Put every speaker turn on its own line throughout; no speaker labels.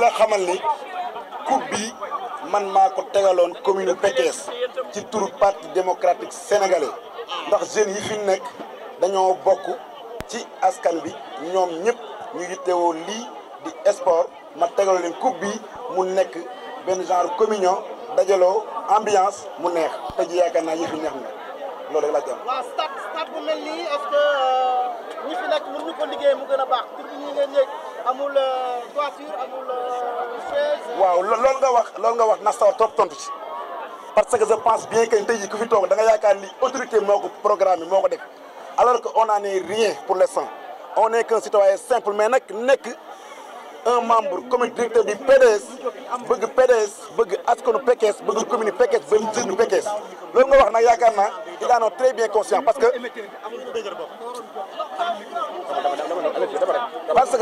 la xamal ni coupe bi man maa ko tegaloon commune Pékesse ci turu parti démocratique sénégalais ndax jeunes yi fi nekk dañoo bokk ci askan bi ñoom ñëpp ñu yittewoo lii di sport ma tegal leen coupe bi mu nekk benn genre communion dajaloo ambiance mu neex te ji yaakaar naa yëf neex na
amul voiture euh, amul euh, chaise.
waaw loolu nga wax loolu nga wax na sawar trop tontu ci parce que je pense bien que tey jii ku fi toog da nga yaakaar ni autorité moo ko programme moo ko def alors que on n'en est rien pour l'instant on est qu'un citoyen simple mais nag nekk. un membre comité directeur du PDS bëgg PDS bëgg askanu Pekes bëgg commune Pekes bëgg zone Pekes nga wax nag yaakaar naa il en est très bien conscient parce que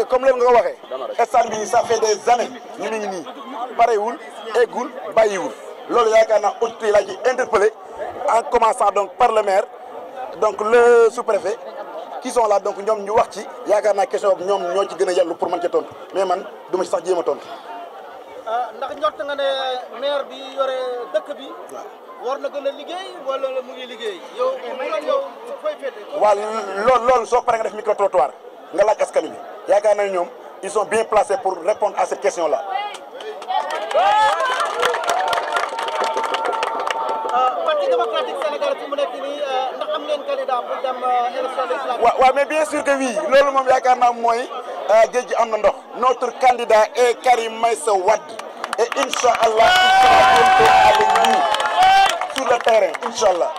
comme loolu nga ko waxee stade bi ça fait des années ñu ngi nii parewul eggul wul loolu yaakaar naa autorité laa ci interpellé en commençant donc par le maire donc le sous-préfet qui sont donc ñoom ñu wax ci yaakaar naa question boobu ñoom ñoo ci gën a yellu pour mën ca tontu mais man du ci sax jéem a tontu.
Ah, ndax njort nga ne maire bi yore dëkk bi. war na
gën soo paree nga def micro trottoir nga laaj askan wi ñoom ils sont bien placés pour répondre à cette question là.
Ah, ngeen candidat euh,
mais bien sûr que oui loolu moom yaakaar naa mooy euh, géej am na ndox. notre candidat est Karim Meïssa Wade et incha allah le terrain incha allah.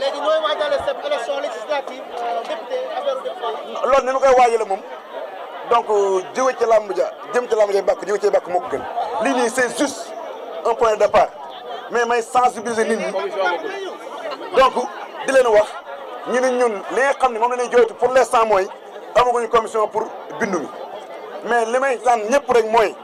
léegi ñooy euh, loolu ni ñu koy
waajale moom. donc jiwe ca làmb ja jëm ci làmb ja bàkk jiwe ci bàkk moo gën lii nii c'est juste un point de départ mais may sensibiliser nit ñi di leen wax ñu ne ñun li nga xam ne moom la ñuy jooytu pour l'instant mooy amaguñu commission pour bindu mi mais li may lan ñëpp rek mooy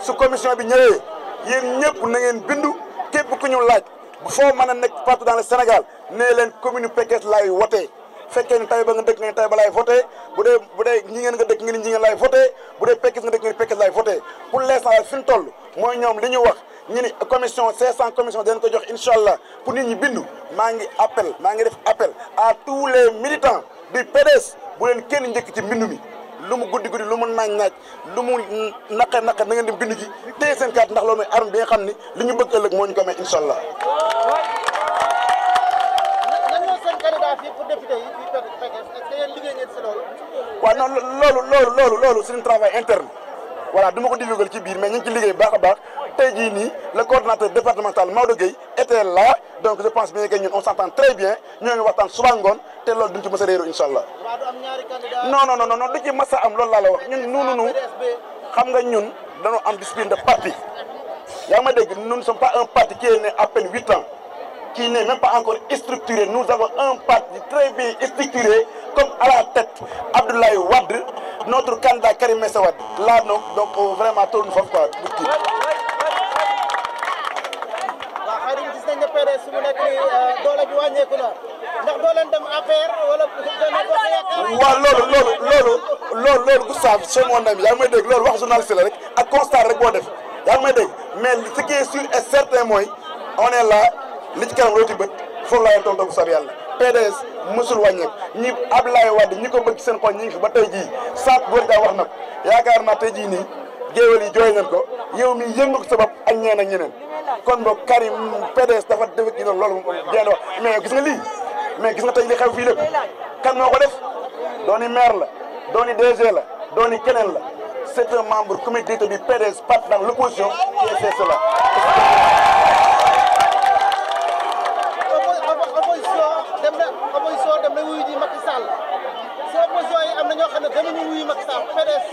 su commission bi ñëwee yéen ñëpp na ngeen bindu képp ku ñu laaj bu foo mën a nekk partout dans le Sénégal nee leen commune Pekes laay wotee fekkee ni ba nga dëkk ngeen Taïba laay voté bu dee bu dee ñi ngeen nga dëkk ngeen ñi ngeen laay voté bu dee Pekes nga dëkk ngeen Pekes laay voté pour l'instant fi ñu toll mooy ñoom li ñu wax ñu ni commission 500 commission dañ ko jox incha allah pour ñi bindu maa ngi appel maa ngi def appel à tous les militants du PDS bu leen kenn njëkk ci mbindu mi lu mu guddi guddi lu mu naaj naaj lu mu naqe naqe na ngeen di bindu ji téye seen carte ndax loolu mooy arme bi xam ni lu ñu bëgg ëllëg moo ñu ko may incha allah. waaw non loolu loolu loolu loolu c'est un travail interne voilà du ma ko divulguer ci biir mais ñu ngi ci liggéey baax a baax. tey jii nii le coordonnateur départemental Maodo Gueye était là donc je pense bien que ñun on s'entend très bien ñoo ngi waxtaan suba ngoon te loolu duñ ci mës a réeroo incha allah non non non non du ci mës a am loolu laa la wax ñun ñun ñun xam nga ñun dañoo am discipline de parti yaa ma dégg nous ne sommes pas un parti qui est né à peine huit ans qui n'est même pas encore structuré nous avons un parti très bien structuré comme à la tête Abdoulaye Wade notre candidat Karim Meïssa Wade là donc euh, vraiment toll na foofu quoi.
nga PDS su mu nekk euh, doole bi wàññeeku na ndax doo leen dem APR wala. waaw loolu
loolu loolu loolu loolu Gustave soo moon dem yaa ngi loolu wax journaliste la rek ak constat rek boo def yaa ngi may dégg mais ce qui est sûr et certain mooy on la là li ci kanam rooti bët foofu laa leen tontu bu sab yàlla PDS mësul wàññeeku ñi Abdoulaye Wade ñi ko bëgg seen xol ñi ngi fi ba tey jii sànq góor daa wax na ko yaakaar naa tey jii nii géewal yi jooy nañ ko yow mi yëngu ko sabab ak ñeen ak kon boog Karim PDS dafa def gi loolu jéem a wax mais gis nga lii mais gis nga tey li xew fii lépp kan moo ko def dooni maire la dooni DG la dooni keneen la c'est un membre comité du PDS parti dans l'opposition qui fait cela.
am na ñoo xam ne danañu wuyu Macky Sall PDS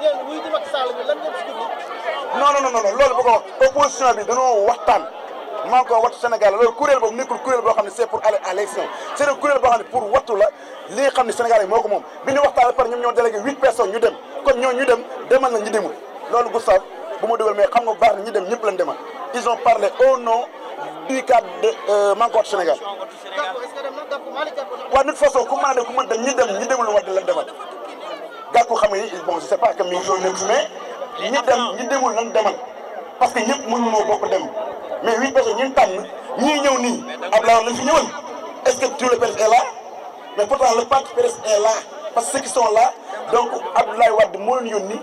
ñeen euh, wuyu di Macky Sall bi lan ngeen si jublu
non non non non loolu bu ko wax opposition bi dañoo waxtaan maa ngi ko wattu Sénégal loolu kuréel boobu nekkul kuréel boo xam ne c'est pour aller à l'élection c'est un kuréel boo xam ne pour wattu la li nga xam ne Sénégal yi moo ko moom bi ñu waxtaan ba pare ñoom ñoo délégué huit personnes ñu dem kon ñoo ñu dem demal na ñu demul loolu Gustave bu ma dugal mais xam nga baax na ñu dem ñëpp lañ demal ils ont parlé au nom du cadre de euh, maa ngi ko wattu Sénégal waaw de toute façon ku mën a dem ku mën dem ñu dem ñu demul wattu lañ demal gàkku xam nga ni bon je sais pas que mi ngi ñi dem ñi demul lan demal parce que ñëpp mënuñoo bokk dem mais huit personnes ñun tànn ñii ñëw nii Abdoulaye lañ fi ñëwoon est ce que tout le parce que ceux qui sont là donc Abdoulaye Wade moo leen yónni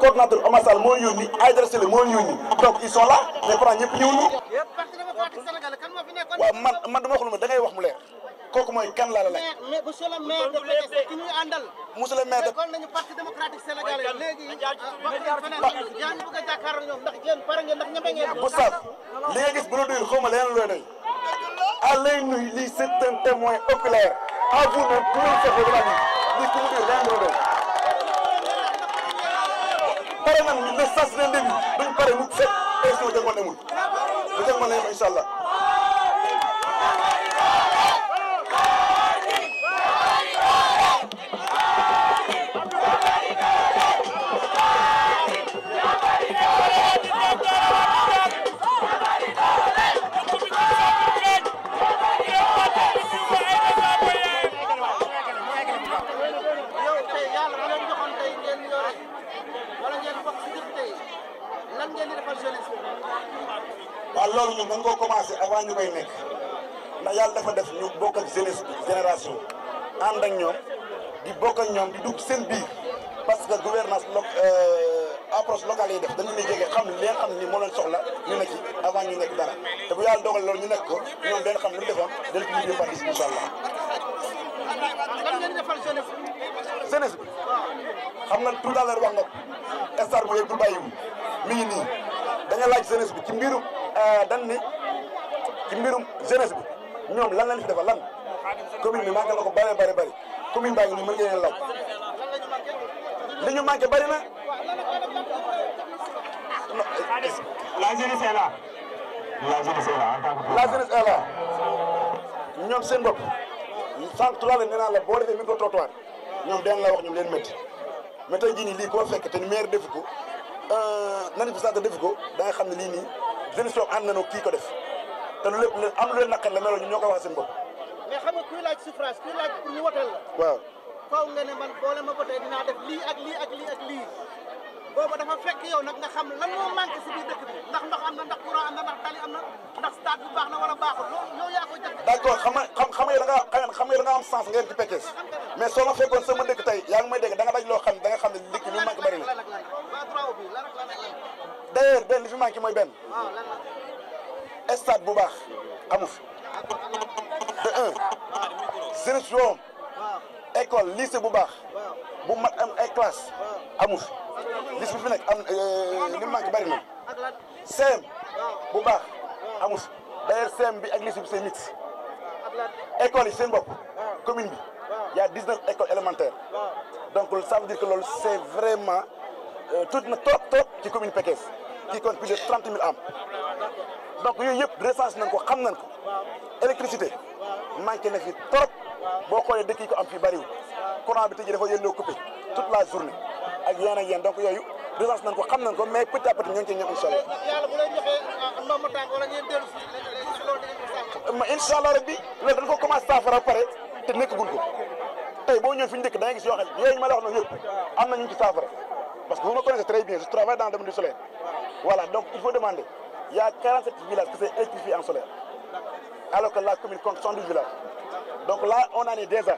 coordonnateur Omar Sall moo leen yónni Aïdara Sele moo leen yónni donc ils sont là mais pourtant ñëpp ñëw ñu. waaw man man dama wax ma da wax mu leer. kooku mooy kan laa la laaj.
mais monsieur le maire de Pékesse ki ñuy àndal. monsieur le maire de kon nañu parti ah, a jàkkaarloo ñoom ndax pare ngeen ndax ñeme ngeen. bu saaf
li nga gis bu la doyul xaw ma leneen looy doy. allez nuy lii c' est un témoin oculaire à vous de tout ce que lii ku mu doyul leneen loo doy. pare nañu ne sas leen déglu duñ pare mu fekk émission jëngoon demul bu jëngoon nañu incha allah. waaw loolu ñun dañ koo commencé avant ñu koy nekk ndax yàlla dafa def ñu bokkal ak jeunesse génération ak ñoom di bokk ñoom di dugg seen biir parce que gouvernance lo euh, approche locale yi def dañu ne jege xam leen xam ni moo leen soxla ñu ne ci avant ñu nekk dara te bu yàlla dogal loolu ñu nekk ko ñoom dañ xam lu mu defoon dañ ko yóbbee parti incha allah. lan ngeen defal bi. xam nga tout à l'heure wax nga ko star bu yëg du mi ngi dañu laaj jeunesse bi ci mbirum euh, dan ni ci mbirum jeunesse bi ñoom lan lañ fi defal lan commune bi manqué na ko bëree bëri bëri commune baa ngi nii mën ngeen laaj li ñu manqué bëri na. la jeunesse est là. la jeunesse est là en tant que. la jeunesse est là ñoom seen bopp sànq trois la nee naa la boo defee micro trottoir ñoom dañ la wax ñoom leen métti mais tey jii nii lii koo fekk te maire defu ko. manifestation def ko da nga ko def ko wax
xam nga kuy laaj suffrage kuy laaj nga ne man boole ma wotee dinaa def lii ak lii ak lii ak lii boobu dafa fekk yow nag nga xam lan si biir dëkk bi ndax ndox am na ndax courant am na ndax tali am a ndax stade bu baax na wala baaxul loolu yow yaa ko jàpp.
d'accord xam nga soo ma dëkk tey yaa ngi may dégg da daj loo xam da xam ne dëkk bi benn li fi ki moy benn stade bu baax amu fi de un service yoo école lycée bu baax bu mat am ay classe bi fi am euh, li mu manqué bari na
CM bu baax
amu fi sem bi ak lycée bi c'est mixte école yi seen bopp commune bi y a 19 écoles élémentaires donc ça veut dire que loolu c'est vraiment euh, tuuti na trop trop ci commune Pekesse qui compte plus de 30 000 âmes donc yooyu yëpp recensé nañ ko xam nañ ko électricité manqué na fi trop boo xoolee dëkk yi ko am fii bariwul courant bi tëjee dafa yëlloo coupé toute la journée ak yeneen ak yeneen donc yooyu recensé nañ ko xam nañ ko mais petit à petit ñoo ngi ciy ñëw incha ko incha allah rek bi loolu dañ ko commencé saafara ba pare te nekkagul ko tey boo ñëwee fi ñu dëkk da ngay gis yoo xam ne yooyu ma la wax noonu yëpp am na ñu ci saafara parce que vous me connaissez très bien Voilà, donc il faut demander. Il y a 47 villages qui sont en solaire, alors que la commune compte 112 villages. Donc la on en est déjà.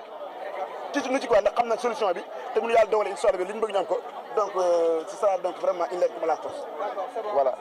tiitu lu ci quoi ndax xam na solution bi te mu yàlla doole incha allah bi li ñu bëgg ñu ko donc euh, ce sera donc vraiment une lettre comme la force voilà.